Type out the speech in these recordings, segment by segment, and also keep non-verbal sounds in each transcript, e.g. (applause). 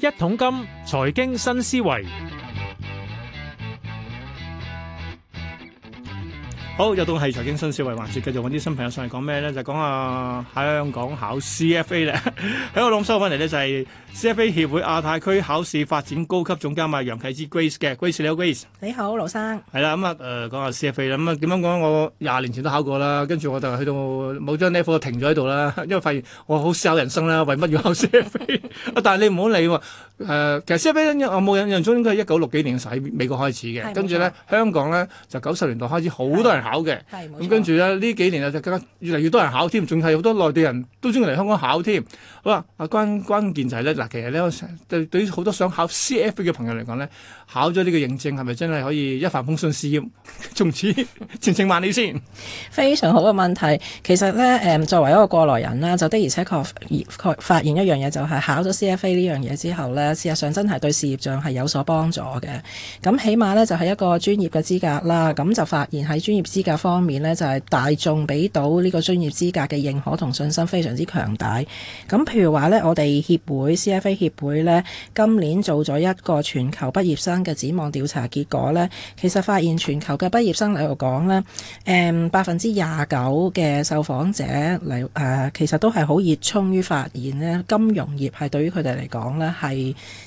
一桶金，財經新思維。好，又到係財經新思維環節，繼續揾啲新朋友上嚟講咩咧？就講喺香港考 CFA 咧。喺我諗收翻嚟咧，就係 CFA 協會亞太區考試發展高級總監嘛，楊啟之 Grace 嘅。Grace 你好，Grace。你好，羅生。係啦，咁啊，誒，講下 CFA 啦。咁啊，點樣講？我廿年前都考過啦，跟住我就去到冇將呢科停咗喺度啦，因為發現我好思考人生啦。為乜要考 CFA？但係你唔好理喎。誒，其實 CFA 我冇印象中應該係一九六幾年嘅時候喺美國開始嘅，跟住咧香港咧就九十年代開始好多人。嘅，咁跟住咧呢幾年又就更加越嚟越多人考添，仲係好多內地人都中意嚟香港考添。好啦，阿關關鍵就係咧，嗱，其實咧對對於好多想考 CFA 嘅朋友嚟講咧，考咗呢個認證係咪真係可以一帆風順事業，從此前程萬里先？非常好嘅問題，其實咧誒、嗯、作為一個過來人啦，就的而且確而確發現一樣嘢，就係考咗 CFA 呢樣嘢之後咧，事實上真係對事業上係有所幫助嘅。咁起碼咧就係、是、一個專業嘅資格啦，咁就發現喺專業。資格方面呢，就係大眾俾到呢個專業資格嘅認可同信心非常之強大。咁譬如話呢，我哋協會 CFA 協會呢，今年做咗一個全球畢業生嘅展望調查結果呢，其實發現全球嘅畢業生嚟講呢，誒百分之廿九嘅受訪者嚟，誒，其實都係好熱衷於發現呢金融業係對於佢哋嚟講呢係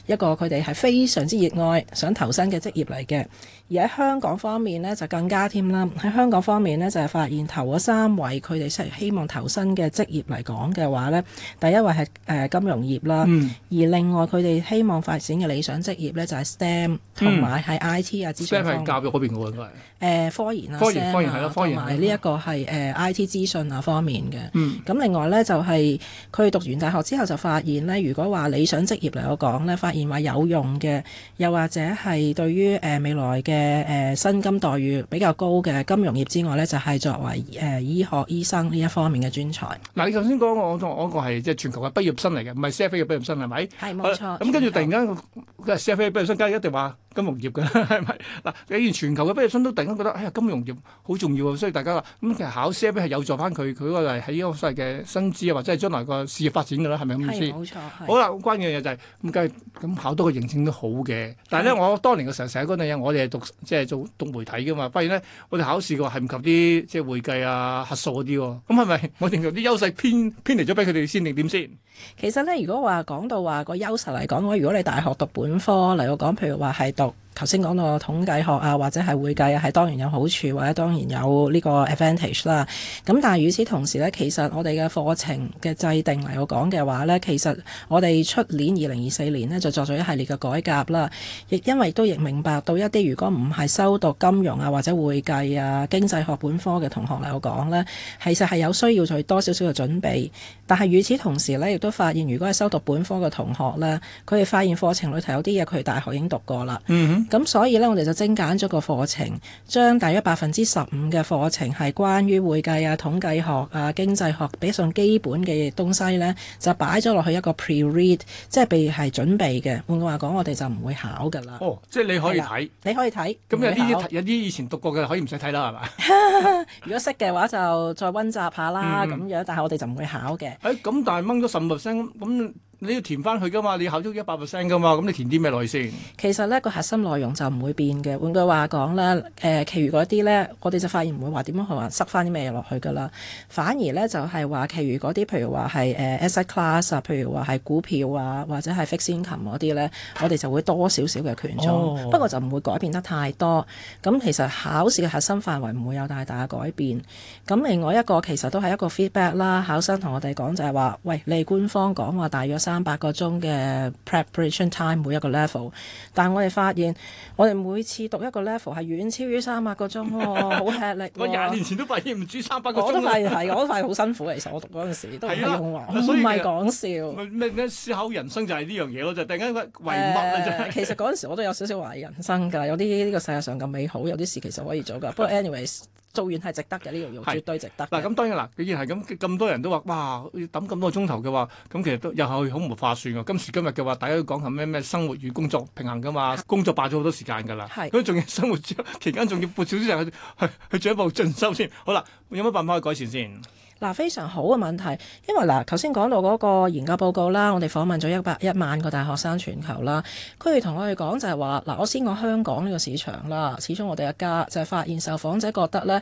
一個佢哋係非常之熱愛、想投身嘅職業嚟嘅。而喺香港方面咧就更加添啦。喺香港方面咧就係、是、發現頭嗰三位佢哋希希望投身嘅職業嚟講嘅話咧，第一位係誒、呃、金融業啦。嗯、而另外佢哋希望發展嘅理想職業咧就係 STEM 同埋喺 IT 啊資訊。嗯、教育嗰邊嘅喎應該係。誒科研啊。科研，科研係咯，呃、科研係呢一個係誒 IT 資訊啊方面嘅。嗯。咁另外咧就係佢讀完大學之後就發現咧，如果話理想職業嚟講咧，發現話有用嘅，又或者係對於誒未來嘅。嘅誒薪金待遇比較高嘅金融業之外咧，就係、是、作為誒、呃、醫學醫生呢一方面嘅專才。嗱、啊，你頭先講我同我個係即係全球嘅畢業生嚟嘅，唔係 CFA 嘅畢業生係咪？係，冇錯。咁、啊嗯、球跟住突然間，佢話 CFA 嘅畢業生，梗係一定話。金融業嘅係咪嗱？既然全球嘅畢業生都突然間覺得，哎呀，金融業好重要啊，所以大家話咁其實考 CFA 係有助翻佢，佢個係喺呢個所謂嘅薪資啊，或者係將來個事業發展嘅啦，係咪咁意思？係，冇錯。好啦，關鍵嘅嘢就係、是、咁，梗係咁考多個認證都好嘅。但係咧，是我當年嘅時候成日講你我哋係讀即係、就是、做讀媒體嘅嘛，發現咧，我哋考試嘅話係唔及啲即係會計啊、核數嗰啲喎。咁係咪我哋啲優勢偏偏離咗俾佢哋先定點先？其實呢，如果話講到話個優勢嚟講嘅話，如果你大學讀本科嚟講，譬如話係讀。頭先講到統計學啊，或者係會計啊，係當然有好處，或者當然有呢個 advantage 啦。咁但係與此同時呢，其實我哋嘅課程嘅制定嚟講嘅話呢，其實我哋出年二零二四年呢，就作咗一系列嘅改革啦。亦因為都亦明白到一啲，如果唔係修讀金融啊或者會計啊經濟學本科嘅同學嚟講呢，其實係有需要再多少少嘅準備。但係與此同時呢，亦都發現如果係修讀本科嘅同學呢，佢哋發現課程裏頭有啲嘢佢大學已經讀過啦。Mm hmm. 咁、嗯、所以咧，我哋就精簡咗個課程，將大約百分之十五嘅課程係關於會計啊、統計學啊、經濟學，比上基本嘅東西咧，就擺咗落去一個 pre-read，即係譬如係準備嘅。換句話講，我哋就唔會考㗎啦。哦，即係你可以睇，你可以睇。咁有啲有啲以前讀過嘅，可以唔使睇啦，係嘛？ (laughs) (laughs) 如果識嘅話，就再溫習下啦，咁、嗯、樣。但係我哋就唔會考嘅。誒、欸，咁但係掹咗十五 percent，咁。你要填翻去噶嘛？你考足一百 percent 噶嘛？咁你填啲咩落去先？其實咧，個核心內容就唔會變嘅。換句話講咧，誒、呃，其餘嗰啲咧，我哋就發現唔會話點樣去話塞翻啲咩落去噶啦。反而咧就係、是、話其餘嗰啲，譬如話係誒、呃、asset class 啊，譬如話係股票啊，或者係 fixed income 嗰啲咧，我哋就會多少少嘅權重。Oh. 不過就唔會改變得太多。咁其實考試嘅核心範圍唔會有太大嘅改變。咁另外一個其實都係一個 feedback 啦。考生同我哋講就係話：，喂，你官方講話大約三百個鐘嘅 preparation time 每一個 level，但係我哋發現，我哋每次讀一個 level 係遠超於三百個鐘好吃力，哦。 (laughs) 我廿年前都發現唔止三百個鐘。我都發現係，我都發現好辛苦。其實我讀嗰陣時都唔用的我，唔係講笑。咩思考人生就係呢樣嘢咯，就突然間為乜啦。其實嗰陣時我都有少少懷疑人生㗎，有啲呢、呢個世界上咁美好，有啲事其實可以做㗎。不過 (laughs) anyways。做完係值得嘅呢樣嘢，絕對值得。嗱咁，啊，當然啦，既然係咁咁多人都話，哇，要等咁多個鐘頭嘅話，咁其實都又係好唔劃算嘅。今時今日嘅話，大家講係咩咩生活與工作平衡㗎嘛，是工作霸咗好多時間㗎啦。咁仲是要生活期間仲要撥少少時間去 (laughs) 去，去，去進一步進修先。好啦，有乜辦法可以改善先？嗱，非常好嘅問題，因為嗱，頭先講到嗰個研究報告啦，我哋訪問咗一百一萬個大學生全球啦，佢哋同我哋講就係話，嗱，我先講香港呢個市場啦，始終我哋一家就係發現受訪者覺得呢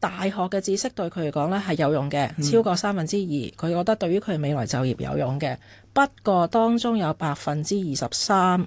大學嘅知識對佢嚟講呢係有用嘅，超過三分之二，佢覺得對於佢未來就業有用嘅，不過當中有百分之二十三，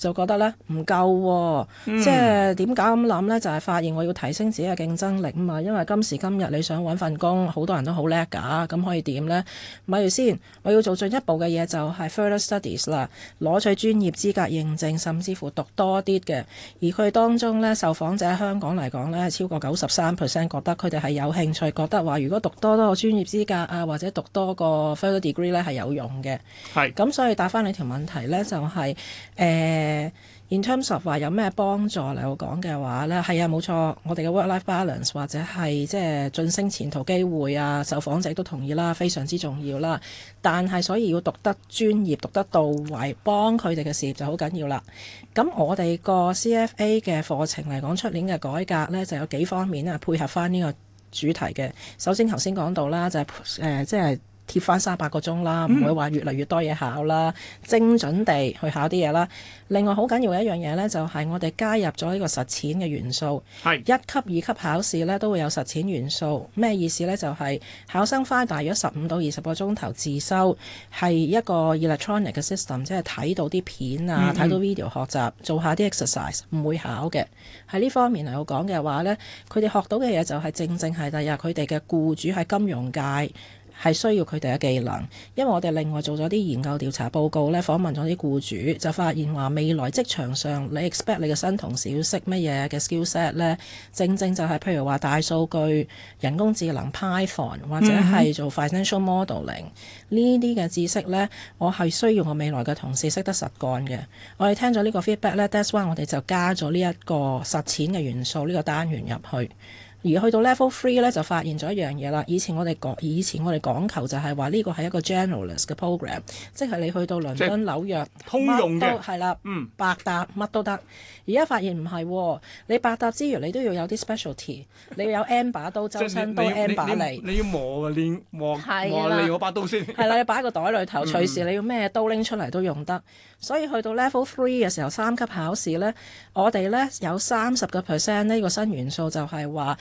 就覺得呢唔夠、哦，嗯、即係點解咁諗呢？就係、是、發現我要提升自己嘅競爭力啊嘛，因為今時今日你想揾份工，好多人都好叻㗎，咁可以點呢？咪如先，我要做進一步嘅嘢，就係、是、further studies 啦，攞取專業資格認證，甚至乎讀多啲嘅。而佢當中呢，受訪者香港嚟講呢，係超過九十三 percent 覺得佢哋係有興趣，覺得話如果讀多多個專業資格啊，或者讀多個 further degree 呢，係有用嘅。係是。咁所以答翻你條問題呢，就係、是、誒。欸誒，in terms of 話有咩幫助嚟我講嘅話呢，係啊，冇錯，我哋嘅 work life balance 或者係即係晉升前途機會啊，受訪者都同意啦，非常之重要啦。但係所以要讀得專業，讀得到位，幫佢哋嘅事業就好緊要啦。咁我哋個 CFA 嘅課程嚟講，出年嘅改革呢就有幾方面啊，配合翻呢個主題嘅。首先頭先講到啦，就係即係。呃，就係貼翻三百個鐘啦，唔、嗯、會話越嚟越多嘢考啦，精準地去考啲嘢啦。另外好緊要嘅一樣嘢呢，就係、是、我哋加入咗呢個實踐嘅元素。係是一級二級考試呢，都會有實踐元素。咩意思呢？就係、是、考生花大約十五到二十個鐘頭自修，係一個 electronic 嘅 system，即係睇到啲片啊，睇、嗯嗯、到 video 學習，做下啲 exercise，唔會考嘅。喺呢方面嚟講嘅話呢，佢哋學到嘅嘢就係正正係第日佢哋嘅雇主喺金融界。係需要佢哋嘅技能，因為我哋另外做咗啲研究調查報告咧，訪問咗啲僱主就發現話，未來職場上你 expect 你嘅新同事要識乜嘢嘅 skill set 咧，正正就係譬如話大數據、人工智能、Python 或者係做 financial modeling 呢啲嘅、mm hmm. 知識咧，我係需要我未來嘅同事識得實幹嘅。我哋聽咗呢個 feedback 咧，that's why 我哋就加咗呢一個實踐嘅元素呢、呢個單元入去。而去到 level three 咧，就發現咗一樣嘢啦。以前我哋講，以前我哋講求就係話呢個係一個 generalist 嘅 program，即係你去到倫敦、即紐約，通用都係啦，百搭乜都得。而家發現唔係，你百搭之餘，你都要有啲 specialty，你要有 N 把刀，周身都 N 把嚟。你要磨練磨磨利把刀先。係啦的， (laughs) 你擺喺個袋裏頭，隨時你要咩刀拎出嚟都用得。嗯、所以去到 level three 嘅時候，三級考試咧，我哋咧有三十個 percent 呢、這個新元素就係話。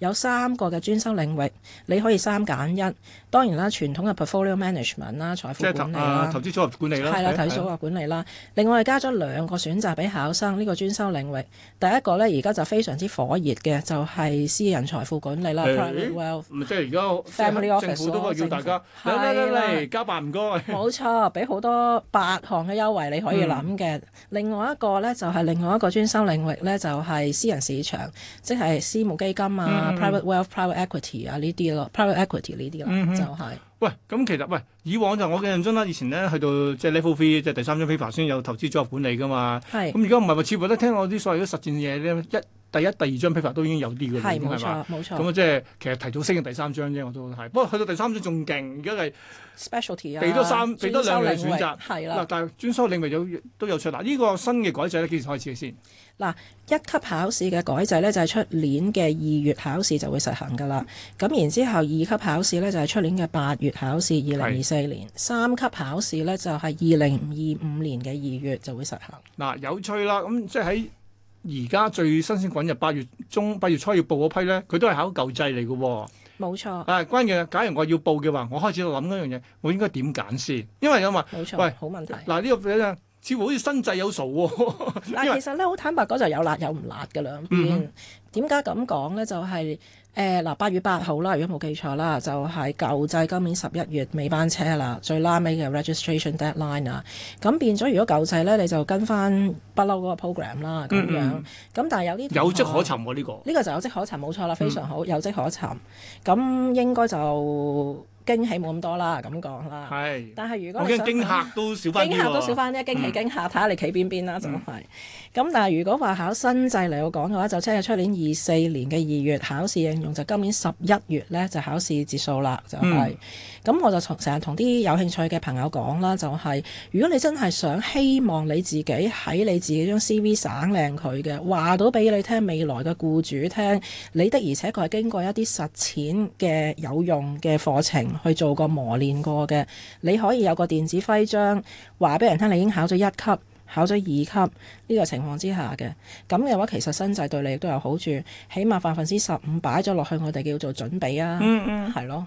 有三個嘅專修領域，你可以三揀一。當然啦，傳統嘅 Portfolio Management 啦，財富管理啦，投資組合管理啦，係啦，組合管理啦。另外我加咗兩個選擇俾考生呢個專修領域。第一個呢，而家就非常之火熱嘅，就係私人財富管理啦，Private Wealth。唔即係而家政府都開始要大家嚟嚟嚟嚟，交辦唔該。冇錯，俾好多八項嘅優惠你可以諗嘅。另外一個咧，就係另外一個專修領域咧，就係私人市場，即係私募基金啊。private wealth、mm、hmm. private equity 啊呢啲咯，private equity 呢啲咯，mm hmm。就係、是。喂，咁其實喂，以往就我嘅印象啦，以前咧去到即係 level three，即係第三張 paper 先有投資組合管理噶嘛。係是。咁而家唔係話似乎都聽我啲所謂嘅實戰嘢咧一。第一、第二張 paper 都已經有啲嘅，冇錯冇錯？咁啊，吧錯即係其實提早升嘅第三張啫，我都係。不過去到第三張仲勁，而家係 specialty 啊，俾多三、俾多兩樣選擇。係啦。嗱，但係專修領域有擇的都有出。嗱，呢、這個新嘅改制咧，幾時開始先？嗱，一級考試嘅改制咧，就係、是、出年嘅二月考試就會實行㗎啦。咁然之後，二級考試咧就係、是、出年嘅八月考試，二零二四年。的三級考試咧就係二零二五年嘅二月就會實行。嗱，有趣啦！咁即係喺而家最新鮮滾入八月中、八月初要報嗰批咧，佢都係考舊制嚟嘅喎。冇錯。誒、啊，關鍵假如我要報嘅話，我開始諗一樣嘢，我應該點揀先？因為噉話？冇錯。喂，好問題。嗱呢、啊這個變相似乎好似新制有數喎、哦。嗱，其實咧好坦白講，就有辣有唔辣嘅兩邊。點解咁講咧？就係、是。誒嗱，八、呃、月八號啦，如果冇記錯啦，就係、是、舊制今年十一月尾班車啦，最拉尾嘅 registration deadline 啊，咁變咗如果舊制呢，你就跟翻不嬲嗰個 program 啦，咁、嗯嗯、樣，咁但係有啲有跡可尋喎呢、這個，呢個就有跡可尋，冇錯啦，非常好，嗯、有跡可尋，咁應該就。驚喜冇咁多啦，咁講啦。係，但係如果你想想想驚嚇都少翻啲，驚嚇都少翻啲，驚喜驚嚇，睇下、嗯、你企邊邊啦、就係，咁、嗯、但係如果話考新制嚟講嘅話，就即係出年二四年嘅二月考試應用，就今年十一月咧就考試結束啦，就係、是。咁、嗯、我就從成日同啲有興趣嘅朋友講啦，就係、是、如果你真係想希望你自己喺你自己張 CV 省靚佢嘅話，到俾你聽未來嘅雇主聽，你的而且確係經過一啲實踐嘅有用嘅課程。去做過磨練過嘅，你可以有個電子徽章，話俾人聽你已經考咗一級，考咗二級呢個情況之下嘅，咁嘅話其實新制對你亦都有好處，起碼百分之十五擺咗落去，我哋叫做準備啊，嗯嗯，係咯，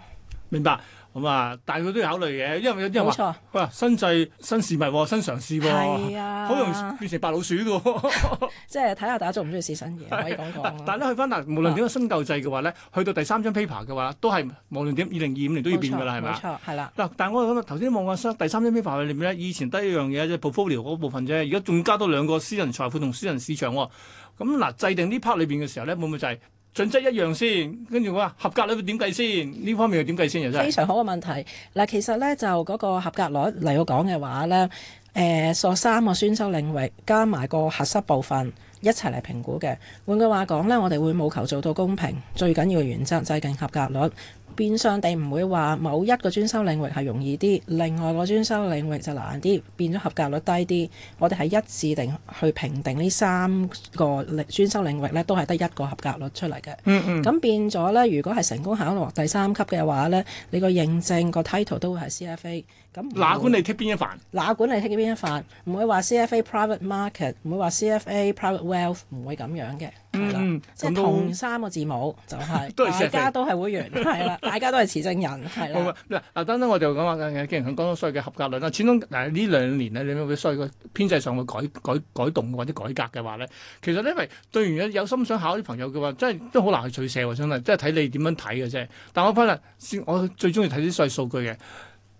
明白。咁啊，但佢都要考慮嘅，因為因為話，喂錯，新制新事物新嘗試喎，啊，好容易變成白老鼠噶喎。即係睇下大家中唔中意試新嘢，啊、可以咁講。但係去翻嗱，無論點新舊制嘅話咧，啊、去到第三張 paper 嘅話，都係無論點，二零二五年都要變噶啦，係咪？冇錯，係啦吧。嗱，啊、但係我頭先望下第三張 paper 裏邊咧，以前得一樣嘢，即係 portfolio 嗰部分啫。而家仲加多兩個私人財富同私人市場喎。咁嗱、啊，制定呢 part 裏邊嘅時候咧，會唔會就係？準則一樣先，跟住我話合格率點計先？呢方面又點計先？非常好嘅問題。嗱，其實呢，就嗰個合格率嚟講嘅話呢，誒、呃，數三個選修領域加埋個核心部分一齊嚟評估嘅。換句話講呢，我哋會務求做到公平，最緊要嘅原則就係計合格率。變相地唔會話某一個專修領域係容易啲，另外個專修領域就難啲，變咗合格率低啲。我哋係一致定去評定呢三個力專修領域呢，都係得一個合格率出嚟嘅。嗯嗯、mm，咁、hmm. 變咗呢，如果係成功考到第三級嘅話呢，你個認證個 title 都會係 CFA。咁哪管你剔邊一範？哪管你剔邊一範？唔會話 CFA Private Market，唔會話 CFA Private Wealth，唔會咁樣嘅。嗯，的即係同三個字母就係，大家都係會員，係啦，大家都係持證人，係啦。嗱，等等我講，我就講下既然佢講到所謂嘅合格率啦，始終誒呢兩年咧，你會唔會需要個編制上嘅改改改動或者改革嘅話咧？其實呢因為對完有有心想考啲朋友嘅話，真係都好難去取捨喎。真係，即係睇你點樣睇嘅啫。但我覺得，我最中意睇啲所謂數據嘅。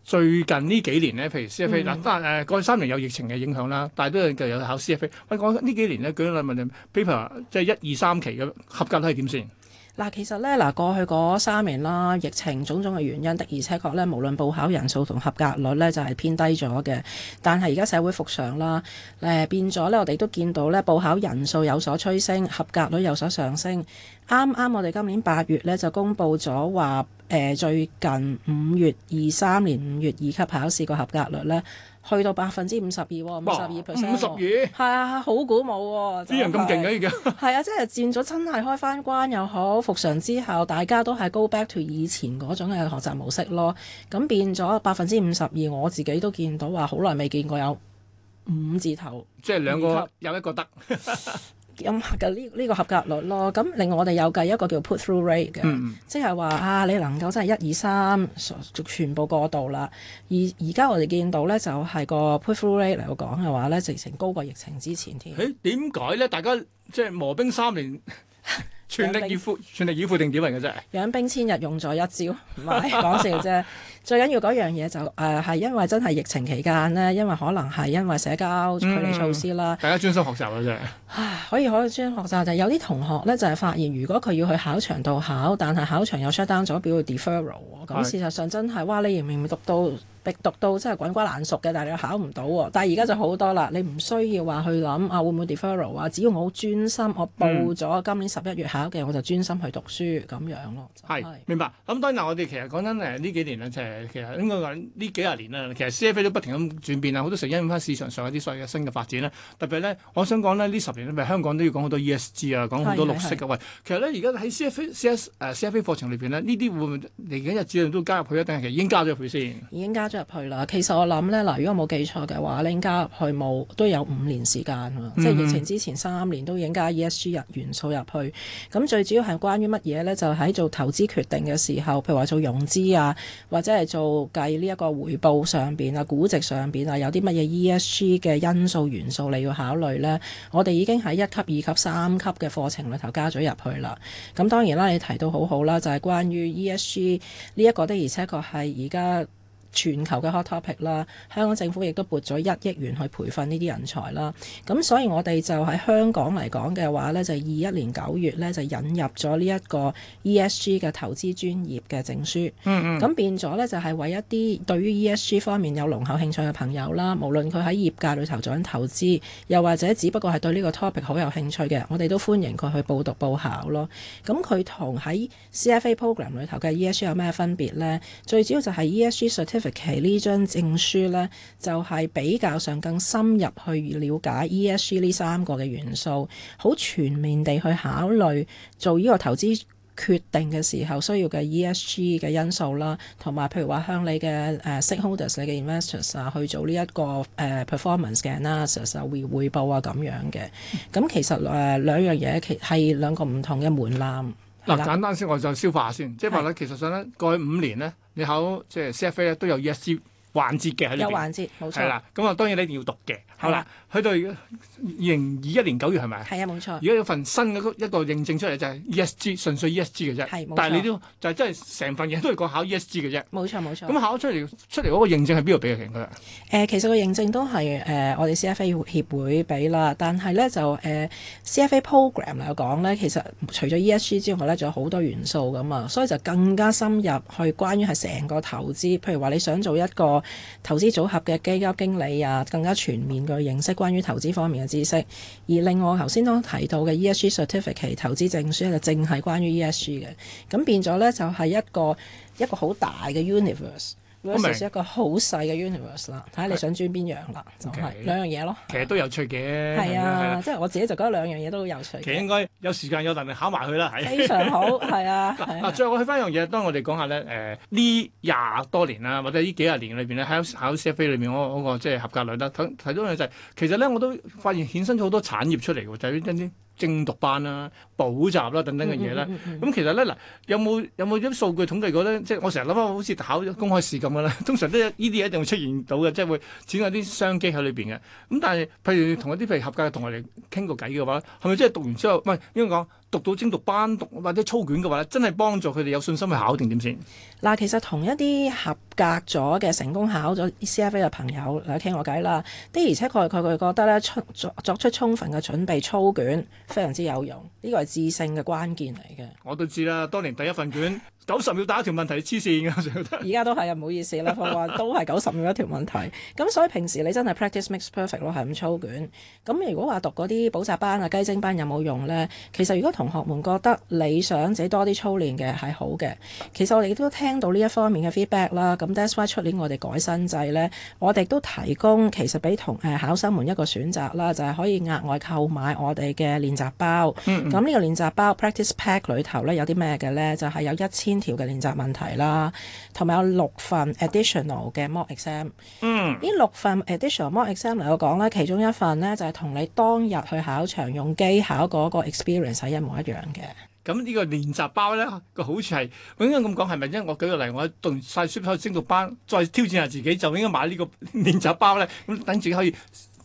最近呢幾年咧，譬如 CFA 嗱、嗯，誒、呃、過去三年有疫情嘅影響啦，但係都有繼續考 CFA、哎。我講呢幾年咧，舉例問你：譬如話即係一二三期嘅合格係點先？嗱，其實咧，嗱過去嗰三年啦，疫情種種嘅原因，的而且確咧，無論報考人數同合格率咧，就係、是、偏低咗嘅。但係而家社會復常啦，誒、呃、變咗咧，我哋都見到咧，報考人數有所趨升，合格率有所上升。啱啱我哋今年八月咧就公佈咗話，誒、呃、最近五月二三年五月二級考試個合格率咧，去到百分之五十二，五十二 percent，係啊，好鼓舞喎！呢、就是、人咁勁啊，而家係啊，即係佔咗真係開翻關又好復常之後，大家都係 go back to 以前嗰種嘅學習模式咯。咁變咗百分之五十二，我自己都見到話好耐未見過有五字頭，即係兩個有一個得。 (laughs) 咁嘅呢呢個合格率咯，咁另外我哋有計一個叫 put through rate 嘅，嗯、即係話啊，你能夠真係一二三，全部過度啦。而而家我哋見到咧，就係、是、個 put through rate 嚟講嘅話咧，直情高過疫情之前添。誒，點解咧？大家即係磨兵三年，全力， (laughs) 全力以赴，全力以赴定點嚟嘅啫。養兵千日用，用咗一朝，唔係 (laughs) 講笑啫。最緊要嗰樣嘢就誒、是、係、呃、因為真係疫情期間咧，因為可能係因為社交距離措施啦。嗯、大家專心學習啦，真係。可以可以專心學習，就是、有啲同學咧就係、是、發現，如果佢要去考場度考，但係考場又 shut down 咗，表會 deferral 喎。咁事實上真係，哇！你明明讀到，讀到真係滾瓜爛熟嘅，但係你又考唔到喎。但係而家就好多啦，你唔需要話去諗啊，會唔會 deferral 啊？只要我專心，我報咗今年十一月考嘅，嗯、我就專心去讀書咁樣咯。係、就是、明白。咁當然我哋其實講緊呢幾年咧、就是其實應該講呢幾十年啦、啊，其實 CFA 都不停咁轉變啦、啊，好多成因翻市場上有啲所謂嘅新嘅發展咧、啊。特別咧，我想講咧呢十年咧，咪香港都要講好多 ESG 啊，講好多綠色嘅、啊、喂。是是是，其實咧，而家喺 CFA、CS CFA 課程裏邊呢，呢啲會唔會嚟緊日子會會都加入去，一定係其實已經加咗入去先？已經加咗入去啦。其實我諗咧嗱，如果冇記錯嘅話，你加入去冇都有五年時間啦，嗯嗯，即係疫情之前三年都已經加 ESG 入元素入去。咁最主要係關於乜嘢咧？就喺、是、做投資決定嘅時候，譬如話做融資啊，或者係做計呢一個回報上邊啊，估值上邊啊，有啲乜嘢 ESG 嘅因素元素你要考慮呢？我哋已經喺一級、二級、三級嘅課程裏頭加咗入去啦。咁當然啦，你提到好好啦，就係關於 ESG 呢一個的，而且確係而家，全球嘅 hot topic 啦，香港政府亦都撥咗一億元去培訓呢啲人才啦。咁所以我哋就喺香港嚟講嘅話咧，就二一年九月咧就引入咗呢一個 ESG 嘅投資專業嘅證書。嗯嗯。咁變咗咧就係為一啲對於 ESG 方面有濃厚興趣嘅朋友啦，無論佢喺業界裏頭做緊投資，又或者只不過係對呢個 topic 好有興趣嘅，我哋都歡迎佢去報讀報考咯。咁佢同喺 CFA program 裏頭嘅 ESG 有咩分別咧？最主要就係 ESG certific 其呢張證書呢，就係、是、比較上更深入去了解 ESG 呢三個嘅元素，好全面地去考慮做呢個投資決定嘅時候需要嘅 ESG 嘅因素啦，同埋譬如話向你嘅誒 stakeholders、你嘅 investors 啊去做呢一個誒 performance analysis 甚至乎會匯報啊咁樣嘅。咁其實誒兩樣嘢，其係兩個唔同嘅門檻。嗱，簡單先，我就消化下先。即係話咧，是其實上咧，過去五年咧，你考即係 CFA 咧，都有 ESG 環節嘅喺呢邊。有環節，冇錯。係啦，咁啊，當然你一定要讀嘅，好啦。去到二零二一年九月係咪？係啊，冇錯。如果有份新嘅一個認證出嚟，就係 ESG 純粹 ESG 嘅啫。但係你都就係真係成份嘢都係講考 ESG 嘅啫。冇錯，冇錯。咁考出嚟出嚟嗰個認證係邊度俾嘅？其實誒，其實個認證都係誒、呃、我哋 CFA 協會俾啦。但係咧就誒、呃、CFA program 嚟講咧，其實除咗 ESG 之外咧，仲有好多元素咁啊，所以就更加深入去關於係成個投資，譬如話你想做一個投資組合嘅基金經理啊，更加全面嘅認識。關於投資方面嘅知識，而另外頭先都提到嘅 ESG Certificate 投資證書就正係關於 ESG 嘅，咁變咗呢，就係一個一個好大嘅 universe。咁咪一個好細嘅 universe 啦，睇下你想轉邊樣啦，就係兩樣嘢咯。其實都有趣嘅，係啊，即係我自己就覺得兩樣嘢都好有趣。其實應該有時間有能力考埋佢啦。非常好，係啊。嗱，最後我去翻一樣嘢，當我哋講下咧，誒呢廿多年啦，或者呢幾十年裏邊咧，喺考 CFA 裏邊，我嗰個即係合格率啦。睇到樣就係其實咧，我都發現衍生咗好多產業出嚟嘅，就係呢啲。精讀班啦、啊、補習啦、啊、等等嘅嘢咧，咁、嗯嗯嗯、其實咧嗱，有冇有冇啲數據統計過咧？即、就、係、是、我成日諗翻，好似考公開試咁樣咧，通常都呢啲一定會出現到嘅，即、就、係、是、會展有啲商機喺裏邊嘅。咁但係，譬如同一啲譬如合格嘅同學嚟傾個偈嘅話，係咪真係讀完之後唔係，應該講，讀到精讀班讀或者操卷嘅話咧，真係幫助佢哋有信心去考定點先？嗱，其實同一啲合格咗嘅成功考咗 CFA 嘅朋友嚟傾個偈啦，的而且確佢佢覺得咧，作作出充分嘅準備，操卷。非常之有用，呢個係致勝嘅關鍵嚟嘅。我都知啦，當年第一份卷。 (laughs) 九十秒打一條問題黐線㗎，而家都係啊，唔好意思啦，都係九十秒一條問題。咁 (laughs) 所以平時你真係 practice makes perfect 咯，係咁操卷。咁如果話讀嗰啲補習班啊、雞精班有冇用呢？其實如果同學們覺得你想自己多啲操練嘅係好嘅，其實我哋都聽到呢一方面嘅 feedback 啦。咁 that's why 出年我哋改新制呢，我哋都提供其實俾同誒考生們一個選擇啦，就係、是、可以額外購買我哋嘅練習包。咁呢、嗯嗯、個練習包 practice pack 裏頭呢，有啲咩嘅呢？就係、是、有一千條嘅練習問題啦，同埋有六份 additional 嘅 mock exam。嗯，呢六份 additional mock exam 嚟我講咧，其中一份咧就係同你當日去考場用機考嗰個 experience 係一模一樣嘅。咁、嗯嗯、呢個練習包咧個好處係，應該咁講係咪？因為我舉個例，我頓晒書包升個班，再挑戰下自己，就應該買個呵呵呢個練習包咧。咁等自己可以。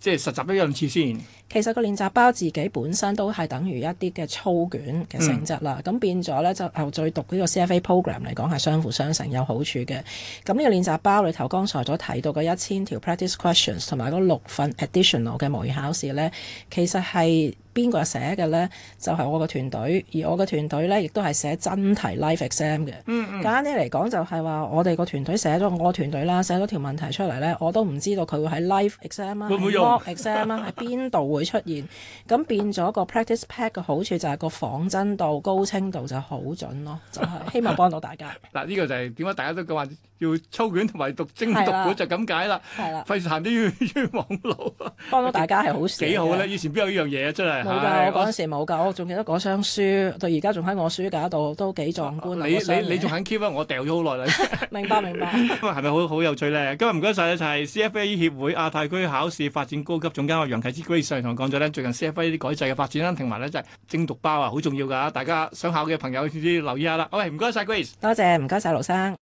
即係實習一兩次先。其實個練習包自己本身都係等於一啲嘅操卷嘅性質啦。咁、嗯、變咗咧就後再讀呢個 CFA program 嚟講係相輔相成有好處嘅。咁呢個練習包裏頭剛才所提到嘅一千條 practice questions 同埋嗰六份 additional 嘅模擬考試咧，其實係。邊個寫嘅咧？就係、是、我個團隊，而我嘅團隊咧，亦都係寫真題 life exam 嘅。簡單啲嚟講，嗯、就係話我哋個團隊寫咗我個團隊啦，寫咗條問題出嚟咧，我都唔知道佢會喺 life exam 啊會唔會用，mock exam 啊，喺邊度會出現。咁變咗個 practice pack 嘅好處就係個仿真度、高清度就好準咯，就係、是、希望幫到大家。嗱， (laughs) 呢、這個就係點解大家都講話要操卷同埋讀，讀精讀本就咁解啦。係啦，費事行啲冤枉路， (laughs) 幫到大家係好幾好啦。以前邊有呢樣嘢啊？真係～冇㗎、哎，我嗰陣時冇㗎，我仲記得嗰箱書，到而家仲喺我書架度，都幾壯觀。啊、你你你仲肯 keep 我掉咗好耐啦。明白明白。今日係咪好好有趣咧？今日唔該晒就齊、是。CFA 協會亞太、啊、區考試發展高級總監阿楊啟之 Grace，同我講咗咧，最近 CFA 啲改制嘅發展啦，同埋咧就係、是、精讀包啊，好重要㗎。大家想考嘅朋友先留意下啦。好，唔該晒 Grace。多謝，謝，唔該晒盧生。